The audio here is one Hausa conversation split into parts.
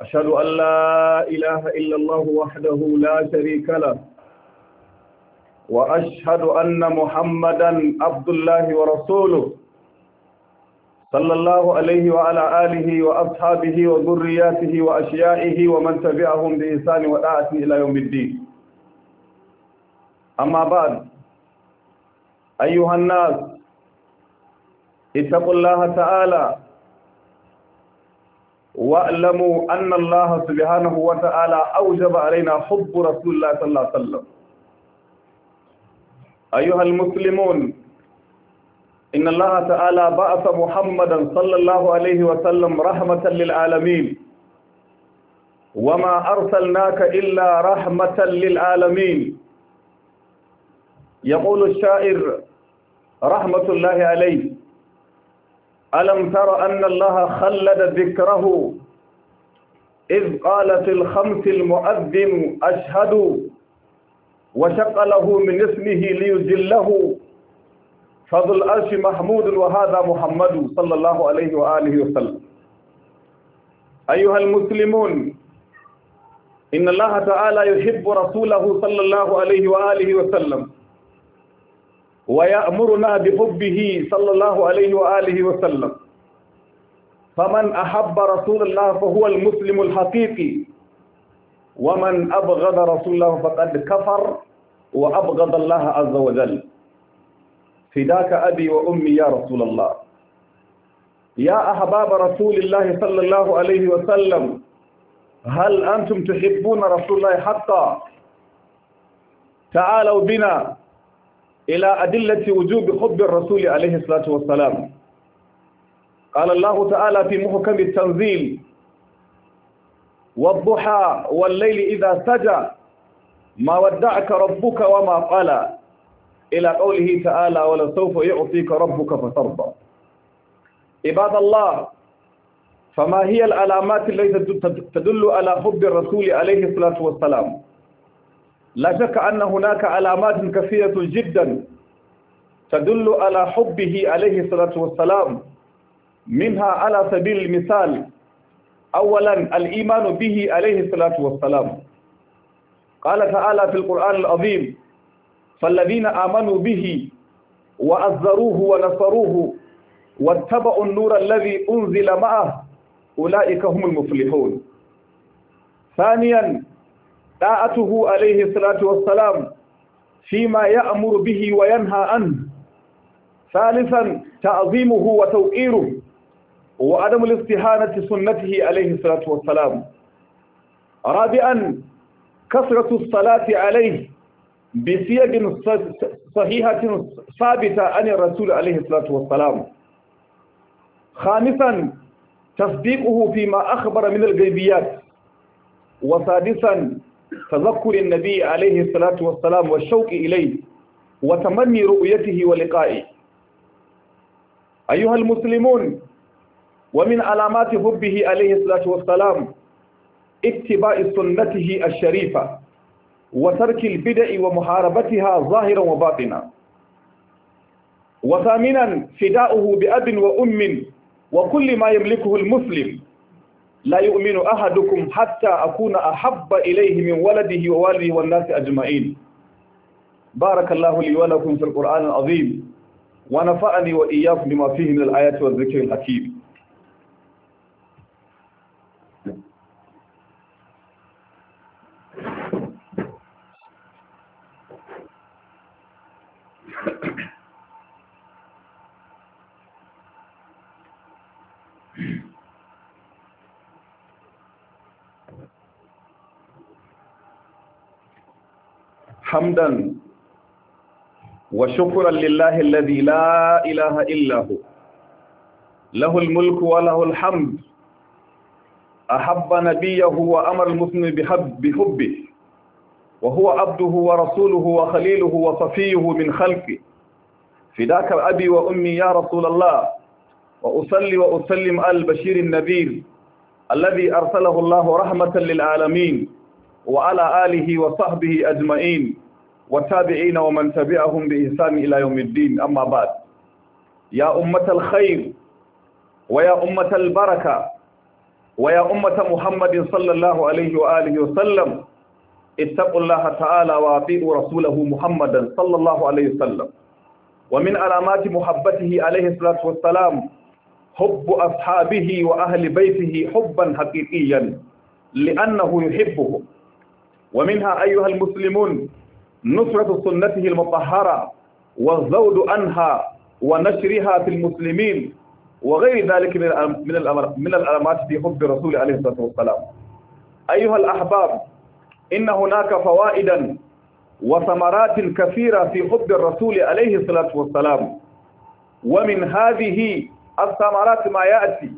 أشهد أن لا إله إلا الله وحده لا شريك له وأشهد أن محمدا عبد الله ورسوله صلى الله عليه وعلى آله وأصحابه وذرياته وأشيائه ومن تبعهم بإحسان ودعاة إلى يوم الدين أما بعد أيها الناس اتقوا الله تعالى واعلموا أن الله سبحانه وتعالى أوجب علينا حب رسول الله صلى الله عليه وسلم أيها المسلمون إن الله تعالى بعث محمدا صلى الله عليه وسلم رحمة للعالمين وما أرسلناك إلا رحمة للعالمين يقول الشاعر رحمة الله عليه ألم تر أن الله خلد ذكره إذ قال في الخمس المؤذن أشهد وشق له من اسمه ليجله فذو الأرش محمود وهذا محمد صلى الله عليه وآله وسلم أيها المسلمون إن الله تعالى يحب رسوله صلى الله عليه وآله وسلم ويأمرنا بحبه صلى الله عليه وآله وسلم فمن أحب رسول الله فهو المسلم الحقيقي ومن أبغض رسول الله فقد كفر وأبغض الله عز وجل فداك أبي وأمي يا رسول الله يا أحباب رسول الله صلى الله عليه وسلم هل أنتم تحبون رسول الله حقا تعالوا بنا إلى أدلة وجوب حب الرسول عليه الصلاة والسلام قال الله تعالى في محكم التنزيل والضحى والليل إذا سجى ما ودعك ربك وما قلى إلى قوله تعالى ولسوف يعطيك ربك فترضى عباد الله فما هي العلامات التي تدل على حب الرسول عليه الصلاة والسلام لا شك أن هناك علامات كثيرة جدا تدل على حبه عليه الصلاة والسلام منها على سبيل المثال أولا الإيمان به عليه الصلاة والسلام قال تعالى في القرآن العظيم فالذين آمنوا به وأزروه ونصروه واتبعوا النور الذي أنزل معه أولئك هم المفلحون ثانيا طاعته عليه الصلاة والسلام فيما يأمر به وينهى عنه ثالثا تعظيمه وتوقيره وعدم الاستهانة سنته عليه الصلاة والسلام رابعا كثرة الصلاة عليه بسيج صحيحة ثابتة عن الرسول عليه الصلاة والسلام خامسا تصديقه فيما أخبر من الغيبيات وسادسا تذكر النبي عليه الصلاة والسلام والشوق إليه وتمني رؤيته ولقائه أيها المسلمون ومن علامات حبه عليه الصلاة والسلام اتباع سنته الشريفة وترك البدع ومحاربتها ظاهرا وباطنا وثامنا فداؤه بأب وأم وكل ما يملكه المسلم la yu'minu ahadukum hatta akuna ahabba ilayhi min waladihi wa walidihi wan nasi ajma'in barakallahu li wa lakum fil qur'anil azim wa nafa'ani wa iyyakum bima fihi min al ayati wadh dhikril hakim حمدا وشكرا لله الذي لا إله إلا هو له الملك وله الحمد أحب نبيه وأمر المسلم بحب بحبه وهو عبده ورسوله وخليله وصفيه من خلقه فداك أبي وأمي يا رسول الله وأصلي وأسلم على البشير النذير الذي أرسله الله رحمة للعالمين وعلى آله وصحبه أجمعين والتابعين ومن تبعهم بإحسان إلى يوم الدين أما بعد يا أمة الخير ويا أمة البركة ويا أمة محمد صلى الله عليه وآله وسلم اتقوا الله تعالى وأطيعوا رسوله محمدا صلى الله عليه وسلم ومن علامات محبته عليه الصلاة والسلام حب أصحابه وأهل بيته حبا حقيقيا لأنه يحبهم ومنها أيها المسلمون نصرة سنته المطهرة والزود عنها ونشرها في المسلمين وغير ذلك من من الألمات في حب الرسول عليه الصلاة والسلام أيها الأحباب إن هناك فوائدا وثمرات كثيرة في حب الرسول عليه الصلاة والسلام ومن هذه الثمرات ما يأتي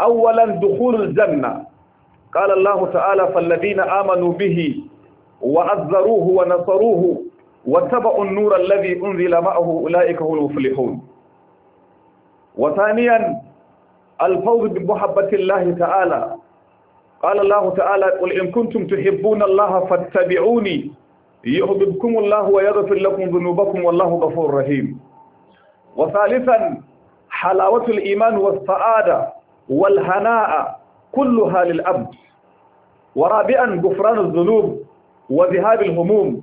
أولا دخول الجنة قال الله تعالى فالذين آمنوا به وعذروه ونصروه واتبعوا النور الذي أنزل معه أولئك هم المفلحون وثانيا الفوز بمحبة الله تعالى قال الله تعالى قل إن كنتم تحبون الله فاتبعوني يحببكم الله ويغفر لكم ذنوبكم والله غفور رحيم وثالثا حلاوة الإيمان والسعادة والهناء كلها للأبد ورابعا غفران الذنوب وذهاب الهموم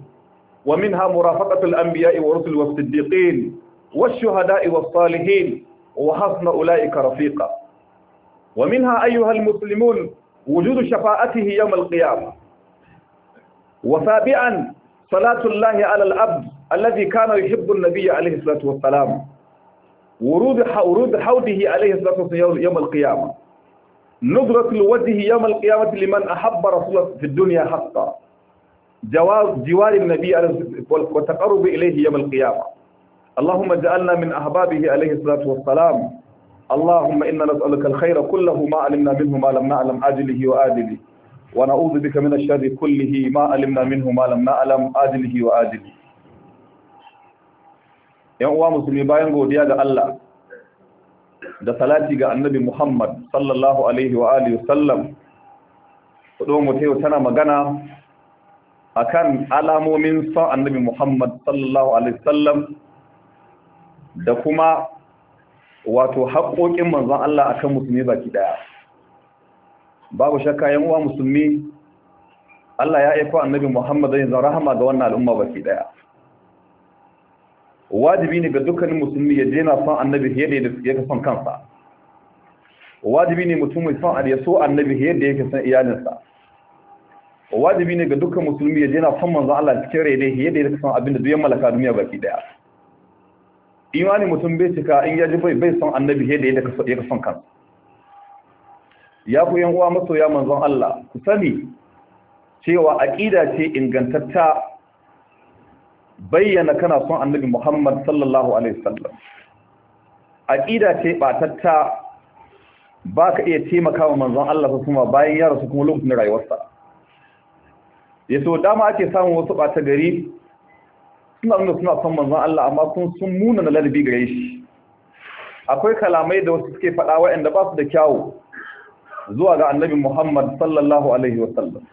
ومنها مرافقة الأنبياء والرسل والصديقين والشهداء والصالحين وحسن أولئك رفيقا ومنها أيها المسلمون وجود شفاعته يوم القيامة وسابعا صلاة الله على العبد الذي كان يحب النبي عليه الصلاة والسلام ورود ورود حوضه عليه الصلاة والسلام يوم القيامة نظرة الوجه يوم القيامة لمن أحب رسوله في الدنيا حقا جوار النبي والتقرب إليه يوم القيامة اللهم اجعلنا من أحبابه عليه الصلاة والسلام اللهم إنا نسألك الخير كله ما علمنا منه ما لم نعلم آجله وآجله ونعوذ بك من الشر كله ما علمنا منه ما لم نعلم آجله وآجله yan uwa musulmi bayan godiya ga Allah da salati ga annabi Muhammad sallallahu alaihi wa alihi wasallam kudo mu tayo tana magana akan alamomin son annabi Muhammad sallallahu alaihi sallam da kuma wato haƙoƙin manzon Allah akan musulmi baki daya babu shakka yan uwa musulmi Allah ya aika annabi Muhammad zai zama rahama ga wannan al'umma baki daya wajibi ne ga dukkanin musulmi ya daina son annabi yadda yake son kansa wajibi ne mutum mai son ya so annabi yadda yake son iyalinsa wajibi ne ga dukkan musulmi ya je son manzo Allah cikin rai ne yadda ya san abin da duk ya malaka duniya baki daya imani mutum bai cika in ya ji bai bai son annabi yadda ya ka son kansa ya ku yan uwa masoya manzon Allah ku sani cewa aqida ce ingantatta bayyana kana son annabi Muhammad sallallahu alaihi wasallam aqida ce batatta ka iya taimakawa manzon Allah kuma bayan ya rasu kuma lokacin rayuwarsa ya so dama ake samun wasu ɓata gari suna nuna suna son manzan Allah amma sun sun muna na ladabi gare shi akwai kalamai da wasu suke faɗa waɗanda ba su da kyawu zuwa ga annabi Muhammad sallallahu alaihi wa sallam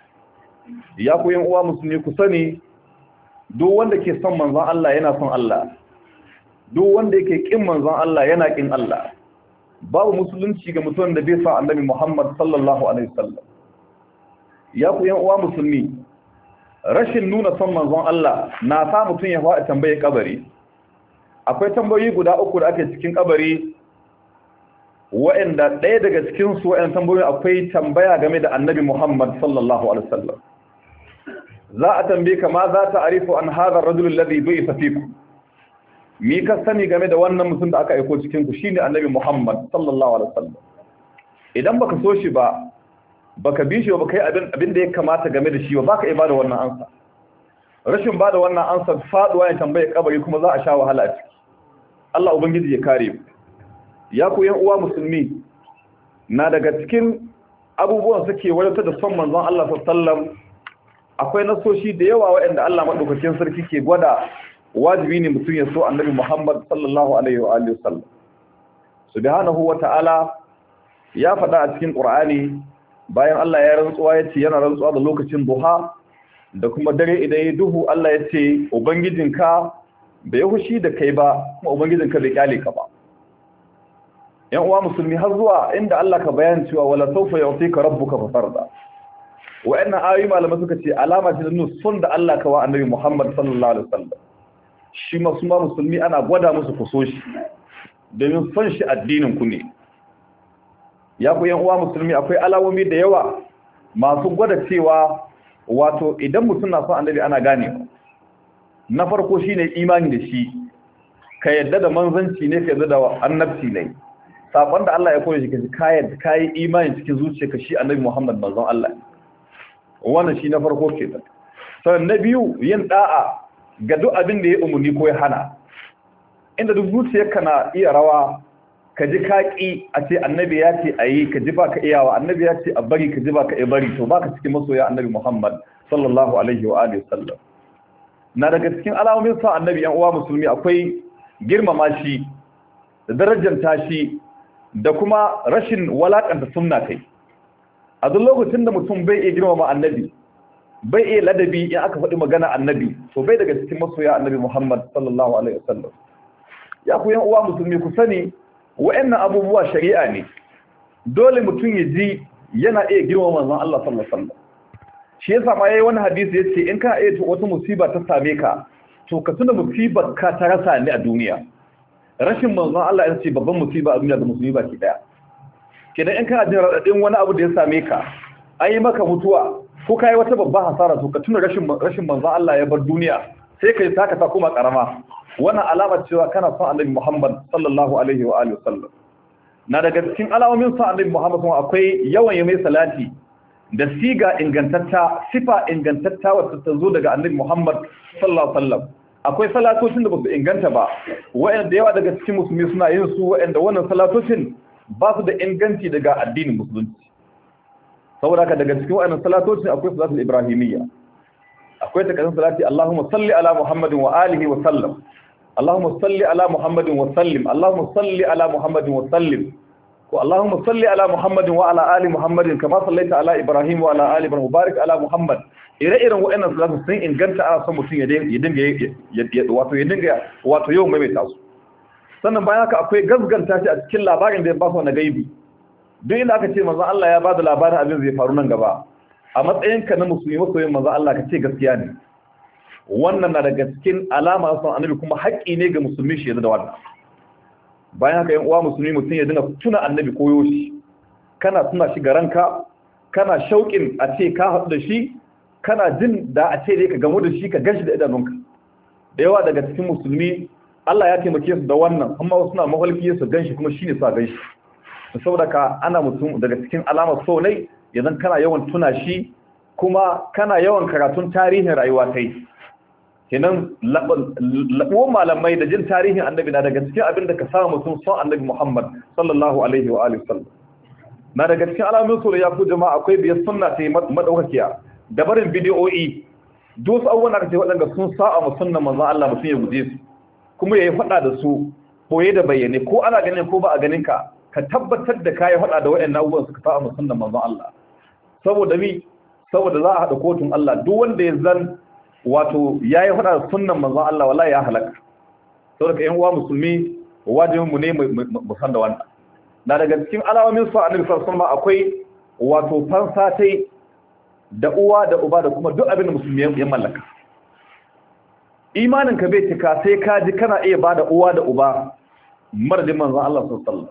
ya ku yan uwa musulmi ku sani duk wanda ke son manzan Allah yana son Allah duk wanda yake kin manzan Allah yana kin Allah babu musulunci ga mutum da bai sa annabi Muhammad sallallahu alaihi wa sallam ya ku yan uwa musulmi rashin nuna son manzon Allah na sa mutum ya faɗi tambaye kabari akwai tambayoyi guda uku da ake cikin kabari wa'anda ɗaya daga cikin su wa'anda tambayoyi akwai tambaya game da annabi Muhammad sallallahu alaihi wasallam za a tambaye ka ma za ta arifu an hadha ar-rajul alladhi bi fikum mi ka sani game da wannan mutum da aka aiko cikin ku shine annabi Muhammad sallallahu alaihi wasallam idan baka so shi ba baka bi shi ba kai abin da ya kamata game da shi ba baka iya bada wannan ansa rashin bada wannan ansa faduwa ne tambaye kabari kuma za a sha wahala a ciki Allah ubangiji ya kare mu ya ku yan uwa musulmi na daga cikin abubuwan suke wadatar da son manzon Allah sallallahu akwai nasoshi da yawa waɗanda Allah madaukakin sarki ke gwada wajibi ne mutum ya so annabi Muhammad sallallahu alaihi wa alihi wasallam subhanahu wa ta'ala ya faɗa a cikin Qur'ani bayan Allah ya rantsuwa ya ce yana rantsuwa da lokacin buha da kuma dare idan ya duhu Allah ya ce ubangijinka bai yi hushi da kai ba kuma ubangijinka bai kyale ka ba yan uwa musulmi har zuwa inda Allah ka bayan cewa wala sawfa yu'tika rabbuka wa wa'annan ayoyi malamai suka ce alama ce nan son da Allah ka wa annabi Muhammad sallallahu alaihi wasallam shi ma musulmi ana gwada musu kusoshi domin son shi addinin ku ne ya ku yan uwa musulmi akwai alawomi da yawa masu gwada cewa wato idan mutum na son annabi ana gane na farko shine imani da shi ka yadda da manzanci ne ka yadda da annabci ne sabon da Allah ya koya shi kaji ka yadda ka yi imani cikin zuciyarka shi annabi Muhammad manzon Allah wannan shi na farko kenan sannan na biyu yin da'a ga duk abin da ya umuni ko ya hana inda duk zuciyarka na iya rawa ka ji kaƙi a ce annabi ya ce a yi ka ji ba ka iyawa annabi ya ce a bari ka ji ba ka bari to ba ka cikin masoya annabi muhammad sallallahu alaihi wa alihi sallam na daga cikin alamomin sa annabi yan uwa musulmi akwai girmama shi da darajanta shi da kuma rashin walakanta sunna kai a duk lokacin da mutum bai iya girmama annabi bai iya ladabi in aka faɗi magana annabi to bai daga cikin masoya annabi muhammad sallallahu alaihi wa sallam ya ku yan uwa musulmi ku sani wa'annan abubuwa shari'a ne dole mutum ya ji yana iya girma manzon Allah sallallahu alaihi wasallam shi yasa ma yayi wani hadisi yace in kana iya wata musiba ta same ka to ka tuna musibar ka ta rasa ne a duniya rashin manzon Allah yace babban musiba a duniya da musiba baki daya kenan in kana jin radadin wani abu da ya same ka an yi maka mutuwa ko kai wata babba hasara to ka tuna rashin rashin manzon Allah ya bar duniya sai ka yi taka ta kuma karama wannan alamar cewa kana son annabi Muhammad sallallahu alaihi wa alihi wasallam na daga cikin alamomin son annabi Muhammad kuma akwai yawan yayin salati da siga ingantatta sifa ingantatta wacce ta zo daga annabi Muhammad sallallahu alaihi sallam. akwai salatocin da ba su inganta ba wa'anda da yawa daga cikin musulmi suna yin su wa'anda wannan salatocin ba su da inganci daga addinin musulunci saboda haka daga cikin wa'annan salatocin akwai salatul ibrahimiyya akwai takardun salati Allahumma salli ala Muhammadin wa alihi wa sallam Allahumma salli ala Muhammadin wa sallim Allahumma salli ala Muhammadin wa sallim ko Allahumma salli ala Muhammadin wa ala ali Muhammadin kama sallaita ala Ibrahim wa ala ali Ibrahim barik ala Muhammad ire-iren waɗannan salatu sun inganta a son mutum ya dinga wato ya dinga wato yau maimaita su sannan bayan haka akwai gazganta shi a cikin labarin da ya ba su na gaibi duk inda aka ce manzo Allah ya ba da labarin abin zai faru nan gaba a matsayinka na musulmi masoyin manzo Allah ka ce gaskiya ne wannan na daga cikin alama sun annabi kuma haƙƙi ne ga musulmi shi yanzu da wannan bayan haka yan uwa musulmi mutum ya dinga tuna annabi koyo shi kana tuna shi garanka kana shauƙin a ce ka haɗu da shi kana jin da a ce dai ka gamu da shi ka gashi da idanunka da yawa daga cikin musulmi Allah ya taimake su da wannan amma wasu na mahalfiye su ganshi kuma shine sa ganshi saboda ka ana mutum daga cikin alamar so ne idan kana yawan tuna shi kuma kana yawan karatun tarihin rayuwa ta yi kenan laɓuwan malamai da jin tarihin annabi na daga cikin abin da ka samu mutum son annabi muhammad sallallahu alaihi wa alihi sallam na daga cikin alamun sura ya ku jama'a akwai biyar sunna ta yi madaukakiya da barin bidiyo'i duk wasu abubuwan da kace waɗanda sun sa'a mu sunna manzon Allah mutum ya guje su kuma ya yi faɗa da su boye da bayyane ko ana ganin ko ba a ganin ka ka tabbatar da ka yi faɗa da waɗannan abubuwan suka sa'a mu sunna manzan Allah saboda bi saboda za a hada kotun Allah duk wanda ya zan wato yayi hada sunnan manzon Allah wallahi ya halaka saboda kai uwa musulmi wajibin mu ne mu san da wannan na daga cikin alawamin sa annabi sallallahu alaihi wasallam akwai wato fansa tai da uwa da uba da kuma duk abin da musulmi ya mallaka imanin ka bai cika sai ka ji kana iya bada uwa da uba marjin manzon Allah sallallahu alaihi wasallam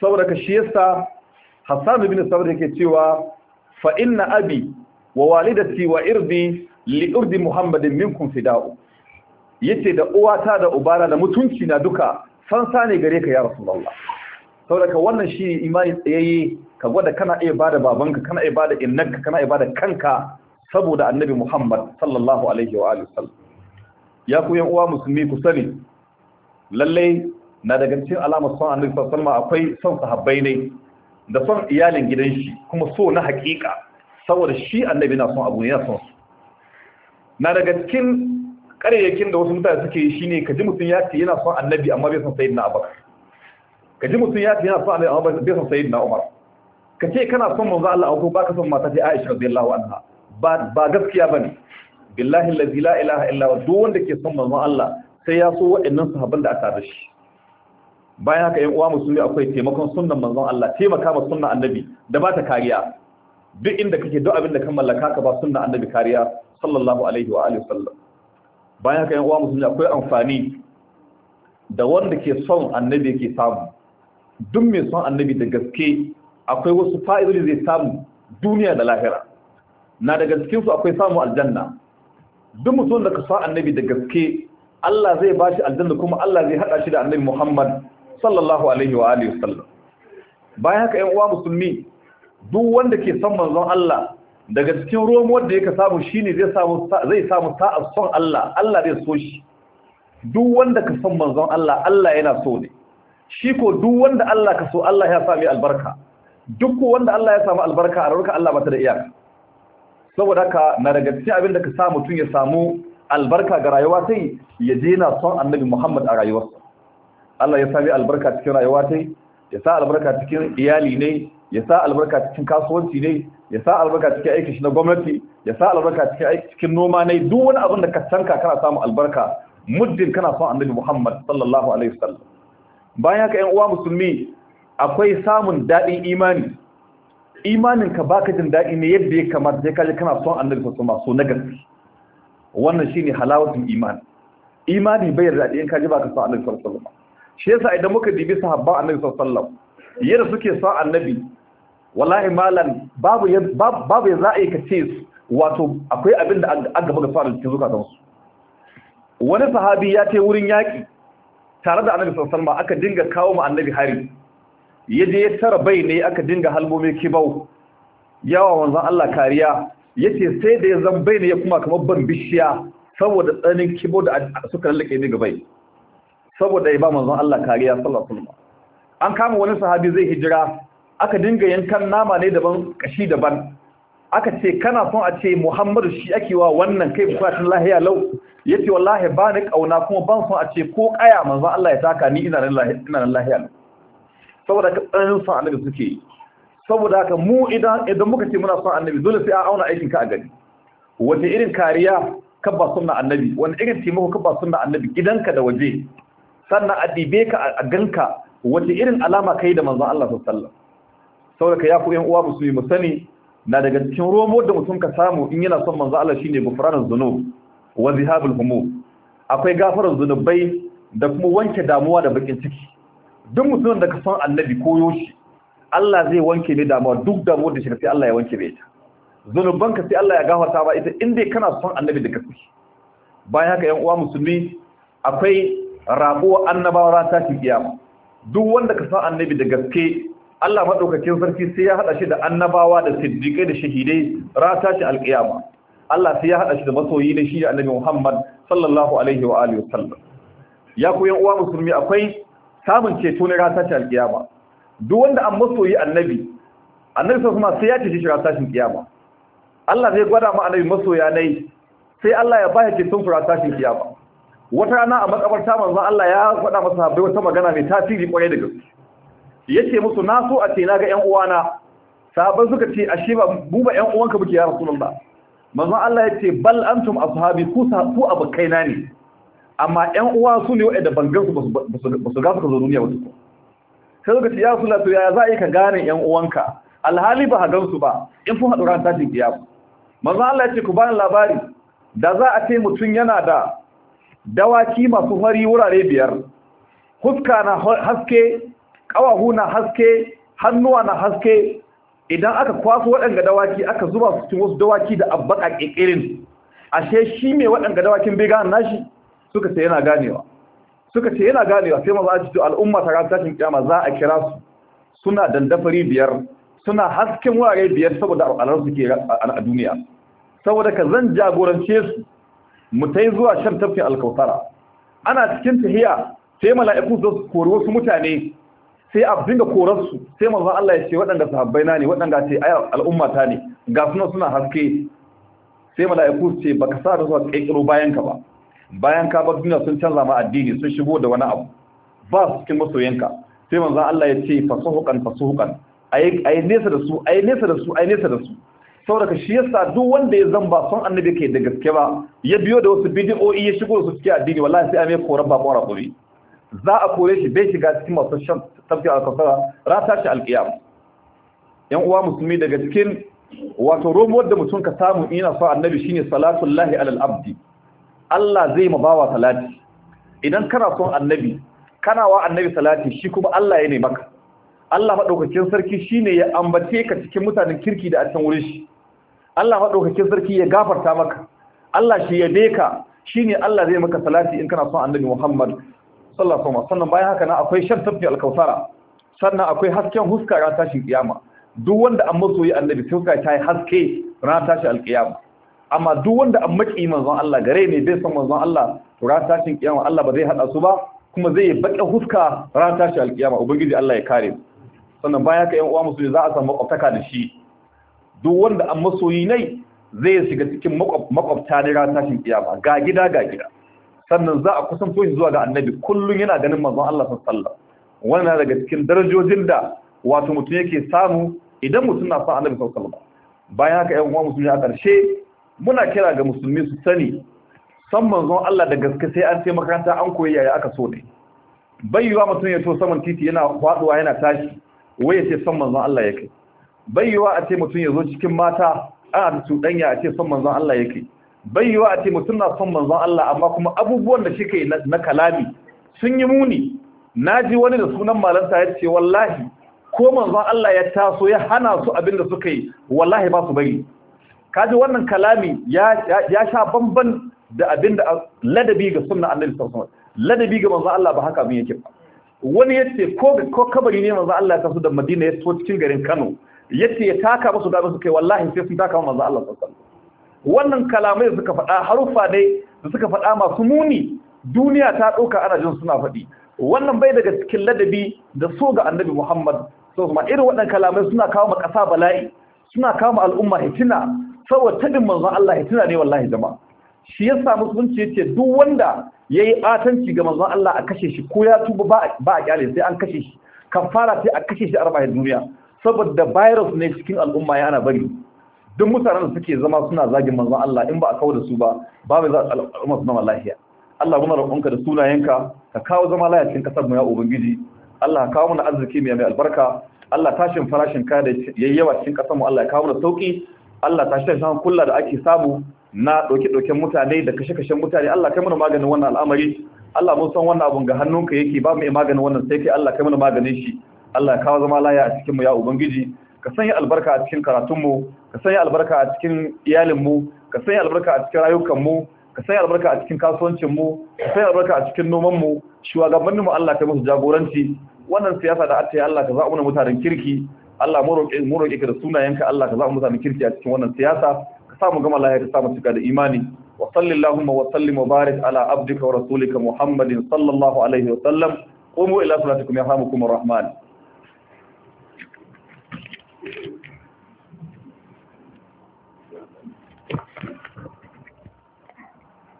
saboda ka shi yasa Hassan ibn Sabr yake cewa fa inna abi wa walidati wa irdi li irdi Muhammadin minkum fida'u yace da uwata da ubana da mutunci na duka fansa ne gare ka ya Rasulullah saboda wannan shi imani tsayayye ka gwada kana iya bada babanka kana iya bada innanka kana iya bada kanka saboda annabi Muhammad sallallahu alaihi wa alihi sallam ya ku yan uwa musulmi ku sani lalle na daga cikin alamar son annabi sallallahu alaihi sallam akwai son sahabbai ne da son iyalin gidan shi kuma so na hakika saboda shi annabi na son abu ne ya son su na daga cikin ƙarayyakin da wasu mutane suke yi shine kaji mutum ya ce yana son annabi amma bai son sayyidina abubakar kaji mutum ya ce yana son annabi amma bai son sayyidina umar ka ce kana son manzo Allah ko baka son mata ta Aisha radiyallahu anha ba ba gaskiya bane billahi allazi la ilaha illa huwa duk wanda ke son manzo Allah sai ya so waɗannan sahabban da aka da shi bayan haka yan uwa musulmi akwai taimakon sunan manzon Allah taimaka ma sunan annabi da ba ta kariya duk inda kake duk abin da kan mallaka ka ba sunan annabi kariya sallallahu alaihi wa alihi sallam bayan haka yan uwa musulmi akwai amfani da wanda ke son annabi yake samu duk mai son annabi da gaske akwai wasu fa'idodi zai samu duniya da lahira na daga cikin su akwai samu aljanna duk mutum da ka son annabi da gaske Allah zai ba shi aljanna kuma Allah zai hada shi da annabi Muhammad sallallahu alaihi wa alihi wasallam bayan haka ƴan uwa musulmi duk wanda ke son manzon Allah daga cikin ruwan wanda yake samu shine zai samu zai samu ta'a son Allah Allah zai so shi duk wanda ka son manzon Allah Allah yana so ne shi ko duk wanda Allah ka so Allah ya sami albarka duk wanda Allah ya samu albarka a rurka Allah bata da iyaka saboda haka na daga cikin abin da ka sa mutum ya samu albarka ga rayuwa sai ya dena son Annabi Muhammad a rayuwarsa Allah ya sami albarka cikin rayuwa ta ya sa albarka cikin iyali ne ya sa albarka cikin kasuwanci ne ya sa albarka cikin aiki shi na gwamnati ya sa albarka cikin aiki cikin noma ne duk wani abin da ka tanka kana samu albarka muddin kana son annabi Muhammad sallallahu alaihi wasallam bayan haka 'yan uwa musulmi akwai samun daɗin imani imanin ka baka jin daɗi ne yadda ya kamata sai kaje kana son annabi sallallahu alaihi wasallam so na gaske wannan shine halawatul iman imani bai da daɗi in kaje baka son annabi sallallahu alaihi wasallam shi yasa idan muka dibi sahabban annabi sallallahu alaihi yadda suke sa annabi wallahi malan babu babu ya za'i ka ce wato akwai abin da an gaba ga sa cikin zuka wani sahabi ya ce wurin yaki tare da annabi sallallahu alaihi aka dinga kawo mu annabi hari yaje ya tara bai ne aka dinga halmomi kibau yawa wanzan Allah kariya yace sai da ya zan bai ne ya kuma kamar ban bishiya saboda tsanin kibau da suka lallake ni gabai saboda ya ba manzon Allah kariya sallallahu alaihi wasallam an kama wani sahabi zai hijira aka dinga yankan nama ne daban kashi daban aka ce kana son a ce Muhammadu shi ake wa wannan kai bukatun lahiya lau yace wallahi ba ni kauna kuma ban son a ce ko kaya manzon Allah ya taka ni ina nan lahiya ina lahiya lau saboda ka tsananin son annabi suke saboda ka mu idan idan muka ce muna son annabi dole sai a auna aikin ka a gani wata irin kariya ka ba sunna annabi wani irin taimako ka ba sunna annabi gidanka da waje sannan a dibe ka a ganka wace irin alama kai da manzon Allah sallallahu alaihi wasallam saboda ya ku yan uwa musulmi mu sani na daga cikin romo da mutum ka samu in yana son manzon Allah shine gufranan zunub wa zihabul humum akwai gafarar zunubai da kuma wanke damuwa da bakin ciki duk mutumin da ka san annabi ko yoshi, Allah zai wanke ne damuwa duk damuwar da shi sai Allah ya wanke bai ta zunuban ka sai Allah ya gafarta ba ita inda kana son annabi da gaske bayan haka yan uwa musulmi akwai Rabuwar annabawa ran ci kiyama duk wanda ka san annabi da gaske Allah madaukakin sarki sai ya hada shi da annabawa da siddiqai da shahidai ran tashi alkiyama Allah sai ya hada shi da masoyi na shi annabi Muhammad sallallahu alaihi wa alihi wasallam ya ku yan uwa musulmi akwai samun ceto ne ran tashi alkiyama duk wanda an masoyi annabi annabi sai kuma sai ya ce shi ran shi kiyama Allah zai gwada ma annabi masoya ne sai Allah ya ba shi su rata shi kiyama wata rana a matsabarta, manzon Allah ya faɗa masa habbai wata magana mai tasiri kwarai da gaske yace musu na so a ce na ga ƴan uwana sahabban suka ce ashe ba mu ba ƴan uwanka muke ya rasulullah manzon Allah yace bal antum ashabi ku ku abakaina ne amma ƴan uwa su ne waɗanda bangan su ba su ga suka zo duniya ba su sai suka ce ya rasulullah to ya za a yi ka gane ƴan uwanka alhali ba hagan su ba in kun haɗu ran tashin kiyama manzon Allah yace ku bani labari da za a ce mutum yana da dawaki masu fari wurare biyar huska na haske ƙawahu na haske hannuwa na haske idan aka kwaso waɗanga dawaki aka zuba su cikin wasu dawaki da a ƙirƙirin ashe shi mai waɗanga dawakin bai gane nashi suka ce yana ganewa suka ce yana ganewa sai maza a al'umma ta ranar tashin kyama za a kira su suna dandafari biyar suna hasken wurare biyar saboda al'adar su ke a duniya saboda ka zan jagorance su mu yi zuwa shan tafkin alkautara ana cikin tahiya sai mala'iku su kori wasu mutane sai a dinga korarsu sai manzon Allah ya ce waɗanda sahabbai na ne waɗanda ce ai al'ummata ne ga suna suna haske sai mala'iku ce baka sa da zuwa ƙirƙiro bayan ka ba bayan ka ba duniya sun canza ma addini sun shigo da wani abu ba su cikin masoyinka sai manzon Allah ya ce fasuhukan fasuhukan ai ai nesa da su ai nesa da su ai nesa da su saboda shi yasa duk wanda ya zan ba son annabi kai da gaske ba ya biyo da wasu bidiyoyi ya shigo su cikin addini wallahi sai a mai koran ba kora kuri za a kore shi bai shiga cikin masu shan tafiya a kafara rata shi alƙiyam yan uwa musulmi daga cikin wato romo da mutum ka samu ina son annabi shine salatu llahi alal abdi Allah zai ma bawa salati idan kana son annabi kana wa annabi salati shi kuma Allah ya ne maka Allah maɗaukacin sarki shine ya ambace ka cikin mutanen kirki da a can wurin shi Allah maɗaukakin sarki ya gafarta maka Allah shi ya yabe Shi ne Allah zai maka salati in kana son annabi Muhammad sallallahu alaihi sannan bayan haka na akwai shan tafi alkausara sannan akwai hasken huska ran tashin kiyama duk wanda an masoyi annabi sai huska ta yi haske ran tashin alkiyama amma duk wanda an maki manzon Allah gare ne bai son manzon Allah to ran tashin kiyama Allah ba zai hada su ba kuma zai baka huska ran tashin alkiyama ubangiji Allah ya kare sannan bayan haka ƴan uwa musulmi za a samu kwaftaka da shi duk wanda an masoyi nai zai shiga cikin makwabta ne ran tashin kiyama ga gida ga gida sannan za a kusan shi zuwa ga annabi kullum yana ganin manzon Allah sallallahu alaihi wasallam wannan daga cikin darajojin da wato mutum yake samu idan mutum na son annabi sallallahu alaihi wasallam bayan haka ƴan uwa musulmi a ƙarshe muna kira ga musulmi su sani san manzon Allah da gaske sai an sai makaranta an koyi yaya aka so ne bai yiwa mutum ya to saman titi yana faduwa yana tashi waye sai san manzon Allah ya kai bai yiwa a ce mutum ya zo cikin mata ana da cuɗanya a ce son manzon Allah yake bai a ce mutum na son manzon Allah amma kuma abubuwan da shi kai na kalami sun yi muni na ji wani da sunan malanta ya ce wallahi ko manzon Allah ya taso ya hana su abin da suka yi wallahi ba su bari kaji wannan kalami ya sha bamban da abin da ladabi ga sunna annabi sallallahu alaihi ladabi ga manzon Allah ba haka abin yake ba wani yace ko ko kabari ne manzan Allah ya taso da Madina ya so cikin garin Kano yace ya taka musu da su kai wallahi sai sun taka manzo Allah sallallahu alaihi wannan kalamai da suka faɗa harufa dai da suka faɗa masu muni duniya ta ɗauka ana jin suna faɗi wannan bai daga cikin ladabi da so ga annabi Muhammad irin waɗannan kalamai suna kawo ma ƙasa bala'i suna kawo ma al'umma hitina saboda tadin manzon Allah hitina ne wallahi jama'a shi yasa musulunci yace duk wanda yayi batanci ga manzon Allah a kashe shi ko ya tuba ba ba a kyale sai an kashe shi kafara sai a kashe shi a raba duniya saboda virus ne cikin al'umma ya ana bari duk mutanen da suke zama suna zagin manzon Allah in ba a kawo da su ba babu za al'umma su zama lafiya Allah muna roƙonka da sunayenka ka kawo zama lafiya cikin kasar mu ya ubangiji Allah ka kawo mana arziki mai albarka Allah tashin farashin kaya da yayyawa cikin kasar mu Allah ya kawo mana sauki Allah tashin san kulla da ake samu na ɗauke-ɗauken mutane da kashe-kashen mutane Allah kai mana maganin wannan al'amari Allah mun san wannan abun ga hannunka yake ba mu maganin wannan sai kai Allah kai mana maganin shi Allah ya kawo zama laya a cikinmu ya ubangiji ka sanya albarka a cikin karatunmu ka sanya albarka a cikin iyalinmu ka sanya albarka a cikin rayukanmu ka sanya albarka a cikin kasuwancinmu ka sanya albarka a cikin nomanmu mu Allah ka musu jagoranci wannan siyasa da ake Allah ka zaɓa mana mutanen kirki Allah mu roƙe mu roƙe ka da sunayenka Allah ka zaɓa mutanen kirki a cikin wannan siyasa ka sa mu gama lahiya ka sa mu cika da imani wa sallallahu wa sallim mubarak ala abdika wa rasulika Muhammadin sallallahu alaihi wa sallam qumu ila salatikum yarhamukumur الرحمن